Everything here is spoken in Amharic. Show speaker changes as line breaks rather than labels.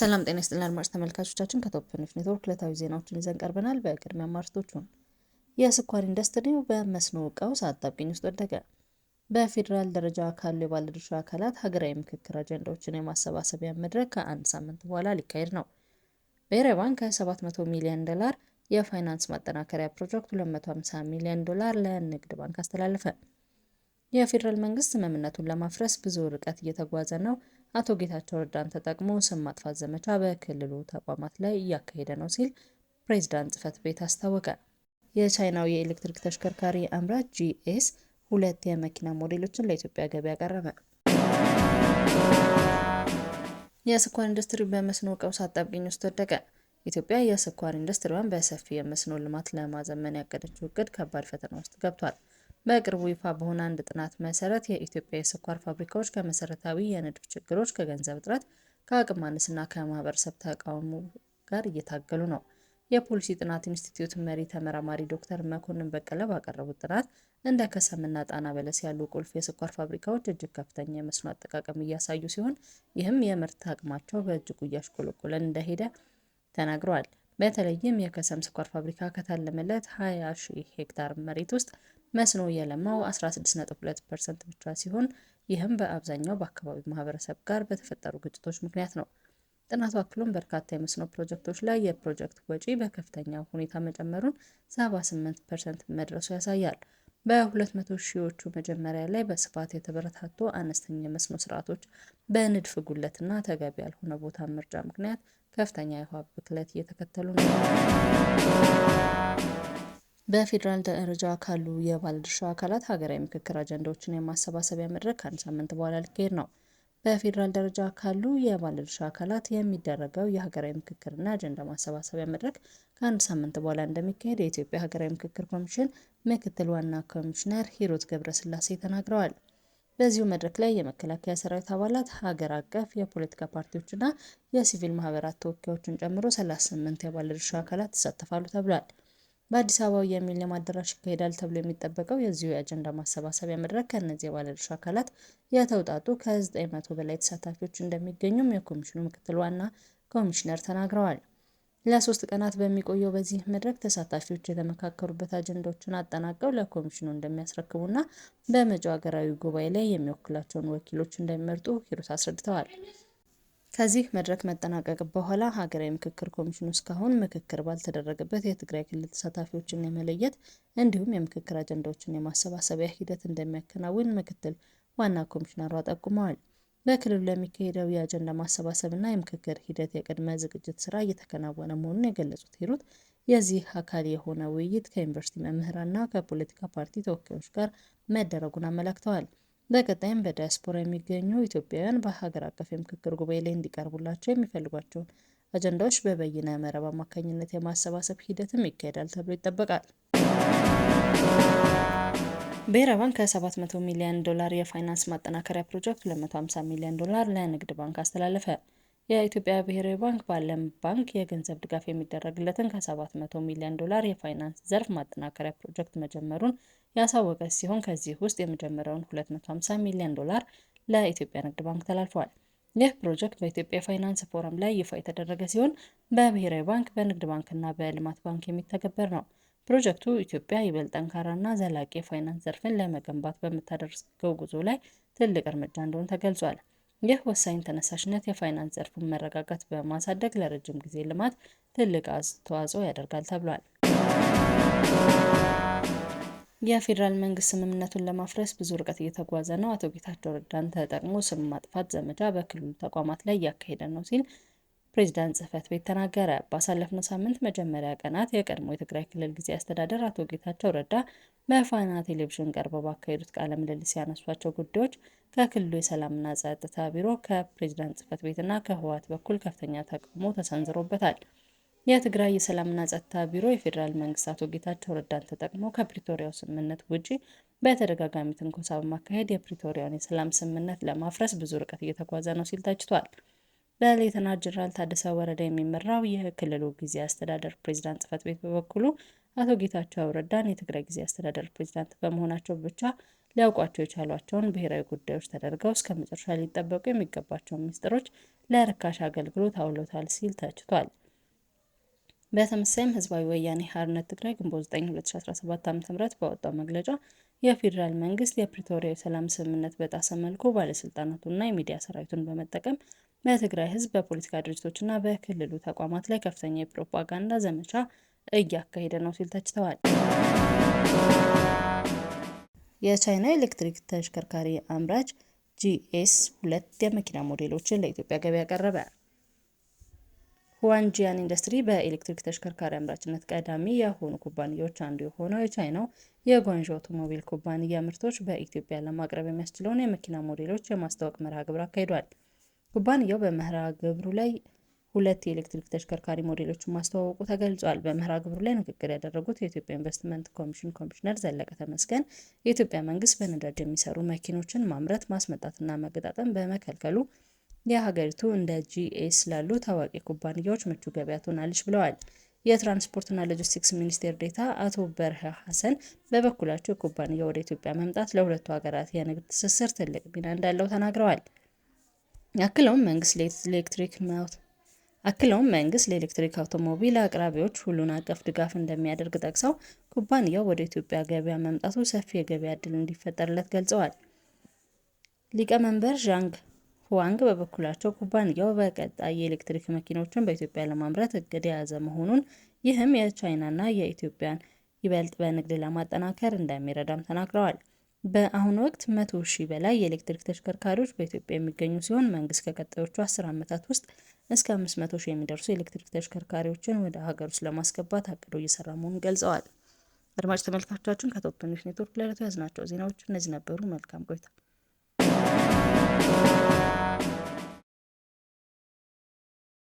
ሰላም ጤና ይስጥልን አድማጭ ተመልካቾቻችን፣ ከቶፕ ኒውስ ኔትወርክ ዕለታዊ ዜናዎችን ይዘን ቀርበናል። በቅድሚያ ማርዕስቶቹን፣ የስኳር ኢንዱስትሪው በመስኖ ቀውስ አጣብቂኝ ውስጥ ወደቀ። በፌዴራል ደረጃ ካሉ የባለድርሻ አካላት ሀገራዊ ምክክር አጀንዳዎችን የማሰባሰቢያ መድረክ ከአንድ ሳምንት በኋላ ሊካሄድ ነው። ብሔራዊ ባንክ ከ700 ሚሊዮን ዶላር የፋይናንስ ማጠናከሪያ ፕሮጀክት 250 ሚሊዮን ዶላር ለንግድ ባንክ አስተላለፈ። የፌዴራል መንግስት ስምምነቱን ለማፍረስ ብዙ ርቀት እየተጓዘ ነው አቶ ጌታቸው ረዳን ተጠቅሞ ስም ማጥፋት ዘመቻ በክልሉ ተቋማት ላይ እያካሄደ ነው ሲል ፕሬዝዳንት ጽህፈት ቤት አስታወቀ። የቻይናው የኤሌክትሪክ ተሽከርካሪ አምራች ጂኤስ ሁለት የመኪና ሞዴሎችን ለኢትዮጵያ ገበያ ቀረበ። የስኳር ኢንዱስትሪ በመስኖ ቀውስ አጣብቂኝ ውስጥ ወደቀ። ኢትዮጵያ የስኳር ኢንዱስትሪዋን በሰፊ የመስኖ ልማት ለማዘመን ያቀደችው እቅድ ከባድ ፈተና ውስጥ ገብቷል። በቅርቡ ይፋ በሆነ አንድ ጥናት መሰረት የኢትዮጵያ የስኳር ፋብሪካዎች ከመሰረታዊ የንድፍ ችግሮች፣ ከገንዘብ እጥረት፣ ከአቅም ማነስና ከማህበረሰብ ተቃውሞ ጋር እየታገሉ ነው። የፖሊሲ ጥናት ኢንስቲትዩት መሪ ተመራማሪ ዶክተር መኮንን በቀለ ባቀረቡት ጥናት እንደ ከሰምና ጣና በለስ ያሉ ቁልፍ የስኳር ፋብሪካዎች እጅግ ከፍተኛ የመስኖ አጠቃቀም እያሳዩ ሲሆን ይህም የምርት አቅማቸው በእጅጉ እያሽቆለቆለ እንደሄደ ተናግረዋል። በተለይም የከሰም ስኳር ፋብሪካ ከታለመለት 20 ሺህ ሄክታር መሬት ውስጥ መስኖ የለማው 16.2 ፐርሰንት ብቻ ሲሆን ይህም በአብዛኛው በአካባቢው ማህበረሰብ ጋር በተፈጠሩ ግጭቶች ምክንያት ነው። ጥናቱ አክሎም በርካታ የመስኖ ፕሮጀክቶች ላይ የፕሮጀክት ወጪ በከፍተኛ ሁኔታ መጨመሩን 78 ፐርሰንት መድረሱ ያሳያል። በ200 ሺዎቹ መጀመሪያ ላይ በስፋት የተበረታቱ አነስተኛ የመስኖ ስርዓቶች በንድፍ ጉለትና ተገቢ ያልሆነ ቦታ ምርጫ ምክንያት ከፍተኛ የውሃ ብክለት እየተከተሉ ነው። በፌዴራል ደረጃ ካሉ የባለድርሻ አካላት ሀገራዊ ምክክር አጀንዳዎችን የማሰባሰቢያ መድረክ ከአንድ ሳምንት በኋላ ሊካሄድ ነው። በፌዴራል ደረጃ ካሉ የባለድርሻ አካላት የሚደረገው የሀገራዊ ምክክርና አጀንዳ ማሰባሰቢያ መድረክ ከአንድ ሳምንት በኋላ እንደሚካሄድ የኢትዮጵያ ሀገራዊ ምክክር ኮሚሽን ምክትል ዋና ኮሚሽነር ሂሩት ገብረስላሴ ተናግረዋል። በዚሁ መድረክ ላይ የመከላከያ ሰራዊት አባላት፣ ሀገር አቀፍ የፖለቲካ ፓርቲዎችና የሲቪል ማህበራት ተወካዮችን ጨምሮ 38 የባለድርሻ አካላት ይሳተፋሉ ተብሏል። በአዲስ አበባ የሚሌኒየም አዳራሽ ይካሄዳል ተብሎ የሚጠበቀው የዚሁ የአጀንዳ ማሰባሰቢያ መድረክ ከእነዚህ የባለድርሻ አካላት የተውጣጡ ከ900 በላይ ተሳታፊዎች እንደሚገኙም የኮሚሽኑ ምክትል ዋና ኮሚሽነር ተናግረዋል። ለሶስት ቀናት በሚቆየው በዚህ መድረክ ተሳታፊዎች የተመካከሩበት አጀንዳዎችን አጠናቀው ለኮሚሽኑ እንደሚያስረክቡና በመጪው ሀገራዊ ጉባኤ ላይ የሚወክላቸውን ወኪሎች እንደሚመርጡ ሂሩት አስረድተዋል። ከዚህ መድረክ መጠናቀቅ በኋላ ሀገራዊ ምክክር ኮሚሽኑ እስካሁን ምክክር ባልተደረገበት የትግራይ ክልል ተሳታፊዎችን የመለየት እንዲሁም የምክክር አጀንዳዎችን የማሰባሰቢያ ሂደት እንደሚያከናውን ምክትል ዋና ኮሚሽነሯ ጠቁመዋል። በክልሉ ለሚካሄደው የአጀንዳ ማሰባሰብና የምክክር ሂደት የቅድመ ዝግጅት ስራ እየተከናወነ መሆኑን የገለጹት ሂሩት የዚህ አካል የሆነ ውይይት ከዩኒቨርሲቲ መምህራንና ከፖለቲካ ፓርቲ ተወካዮች ጋር መደረጉን አመላክተዋል። በቀጣይም በዲያስፖራ የሚገኙ ኢትዮጵያውያን በሀገር አቀፍ የምክክር ጉባኤ ላይ እንዲቀርቡላቸው የሚፈልጓቸውን አጀንዳዎች በበይነ መረብ አማካኝነት የማሰባሰብ ሂደትም ይካሄዳል ተብሎ ይጠበቃል። ብሔራዊ ባንክ ከ700 ሚሊዮን ዶላር የፋይናንስ ማጠናከሪያ ፕሮጀክት 250 ሚሊዮን ዶላር ለንግድ ባንክ አስተላለፈ። የኢትዮጵያ ብሔራዊ ባንክ በዓለም ባንክ የገንዘብ ድጋፍ የሚደረግለትን ከ700 ሚሊዮን ዶላር የፋይናንስ ዘርፍ ማጠናከሪያ ፕሮጀክት መጀመሩን ያሳወቀ ሲሆን ከዚህ ውስጥ የመጀመሪያውን 250 ሚሊዮን ዶላር ለኢትዮጵያ ንግድ ባንክ ተላልፏል። ይህ ፕሮጀክት በኢትዮጵያ ፋይናንስ ፎረም ላይ ይፋ የተደረገ ሲሆን በብሔራዊ ባንክ፣ በንግድ ባንክና በልማት ባንክ የሚተገበር ነው። ፕሮጀክቱ ኢትዮጵያ ይበልጥ ጠንካራና ዘላቂ የፋይናንስ ዘርፍን ለመገንባት በምታደርገው ጉዞ ላይ ትልቅ እርምጃ እንደሆነ ተገልጿል። ይህ ወሳኝ ተነሳሽነት የፋይናንስ ዘርፉን መረጋጋት በማሳደግ ለረጅም ጊዜ ልማት ትልቅ አስተዋጽኦ ያደርጋል ተብሏል። የፌዴራል መንግስት ስምምነቱን ለማፍረስ ብዙ ርቀት እየተጓዘ ነው፣ አቶ ጌታቸው ረዳን ተጠቅሞ ስም ማጥፋት ዘመቻ በክልሉ ተቋማት ላይ እያካሄደ ነው ሲል ፕሬዚዳንት ጽህፈት ቤት ተናገረ። ባሳለፍነው ሳምንት መጀመሪያ ቀናት የቀድሞ የትግራይ ክልል ጊዜ አስተዳደር አቶ ጌታቸው ረዳ በፋና ቴሌቪዥን ቀርበው ባካሄዱት ቃለ ምልልስ ያነሷቸው ጉዳዮች ከክልሉ የሰላምና ጸጥታ ቢሮ፣ ከፕሬዝዳንት ጽህፈት ቤትና ከህወሓት በኩል ከፍተኛ ተቃውሞ ተሰንዝሮበታል። የትግራይ የሰላምና ጸጥታ ቢሮ የፌዴራል መንግስት አቶ ጌታቸው ረዳን ተጠቅሞ ከፕሪቶሪያው ስምምነት ውጪ በተደጋጋሚ ትንኮሳ በማካሄድ የፕሪቶሪያውን የሰላም ስምምነት ለማፍረስ ብዙ ርቀት እየተጓዘ ነው ሲል ተችቷል። በሌተና ጀነራል ታደሰ ወረደ የሚመራው የክልሉ ጊዜ አስተዳደር ፕሬዚዳንት ጽሕፈት ቤት በበኩሉ አቶ ጌታቸው አውረዳን የትግራይ ጊዜ አስተዳደር ፕሬዚዳንት በመሆናቸው ብቻ ሊያውቋቸው የቻሏቸውን ብሔራዊ ጉዳዮች ተደርገው እስከ መጨረሻ ሊጠበቁ የሚገባቸውን ሚስጥሮች ለርካሽ አገልግሎት አውሎታል ሲል ተችቷል። በተመሳሳይም ህዝባዊ ወያኔ ሓርነት ትግራይ ግንቦት 9 2017 ዓ.ም በወጣው መግለጫ የፌዴራል መንግስት የፕሪቶሪያ የሰላም ስምምነት በጣሰ መልኩ ባለስልጣናቱና የሚዲያ ሰራዊቱን በመጠቀም በትግራይ ህዝብ በፖለቲካ ድርጅቶችና በክልሉ ተቋማት ላይ ከፍተኛ የፕሮፓጋንዳ ዘመቻ እያካሄደ ነው ሲል ተችተዋል። የቻይና ኤሌክትሪክ ተሽከርካሪ አምራች ጂኤስ ሁለት የመኪና ሞዴሎችን ለኢትዮጵያ ገበያ ቀረበ። ሁዋንጂያን ኢንዱስትሪ በኤሌክትሪክ ተሽከርካሪ አምራችነት ቀዳሚ የሆኑ ኩባንያዎች አንዱ የሆነው የቻይናው የጓንዥ አውቶሞቢል ኩባንያ ምርቶች በኢትዮጵያ ለማቅረብ የሚያስችለውን የመኪና ሞዴሎች የማስተዋወቅ መርሃ ግብር አካሂዷል። ኩባንያው በምህራ ግብሩ ላይ ሁለት የኤሌክትሪክ ተሽከርካሪ ሞዴሎችን ማስተዋወቁ ተገልጿል። በምህራ ግብሩ ላይ ንግግር ያደረጉት የኢትዮጵያ ኢንቨስትመንት ኮሚሽን ኮሚሽነር ዘለቀ ተመስገን የኢትዮጵያ መንግስት በነዳጅ የሚሰሩ መኪኖችን ማምረት ማስመጣትና መገጣጠም በመከልከሉ የሀገሪቱ እንደ ጂኤስ ላሉ ታዋቂ ኩባንያዎች ምቹ ገበያ ትሆናለች ብለዋል። የትራንስፖርትና ሎጂስቲክስ ሚኒስቴር ዴታ አቶ በርሀ ሀሰን በበኩላቸው የኩባንያ ወደ ኢትዮጵያ መምጣት ለሁለቱ ሀገራት የንግድ ትስስር ትልቅ ሚና እንዳለው ተናግረዋል። አክለውም መንግስት ለኤሌክትሪክ አክለውም መንግስት ለኤሌክትሪክ አውቶሞቢል አቅራቢዎች ሁሉን አቀፍ ድጋፍ እንደሚያደርግ ጠቅሰው ኩባንያው ወደ ኢትዮጵያ ገበያ መምጣቱ ሰፊ የገበያ ዕድል እንዲፈጠርለት ገልጸዋል። ሊቀመንበር ዣንግ ሁዋንግ በበኩላቸው ኩባንያው በቀጣይ የኤሌክትሪክ መኪኖችን በኢትዮጵያ ለማምረት እቅድ የያዘ መሆኑን ይህም የቻይናና የኢትዮጵያን ይበልጥ በንግድ ለማጠናከር እንደሚረዳም ተናግረዋል። በአሁኑ ወቅት መቶ ሺህ በላይ የኤሌክትሪክ ተሽከርካሪዎች በኢትዮጵያ የሚገኙ ሲሆን መንግስት ከቀጣዮቹ አስር ዓመታት ውስጥ እስከ አምስት መቶ ሺህ የሚደርሱ የኤሌክትሪክ ተሽከርካሪዎችን ወደ ሀገር ውስጥ ለማስገባት አቅዶ እየሰራ መሆኑን ገልጸዋል። አድማጭ ተመልካቾቻችን ከቶፕ ኔትወርክ ለዕለቱ ያዝናቸው ዜናዎች እነዚህ ነበሩ። መልካም ቆይታ